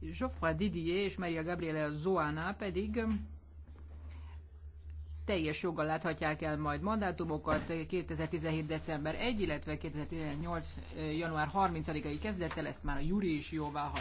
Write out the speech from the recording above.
Geoffroy Didier és Maria Gabriele Zoana pedig um, teljes joggal láthatják el majd mandátumokat 2017. december 1, illetve 2018. január 30-ai kezdettel, ezt már a Júri is jóvá hagy.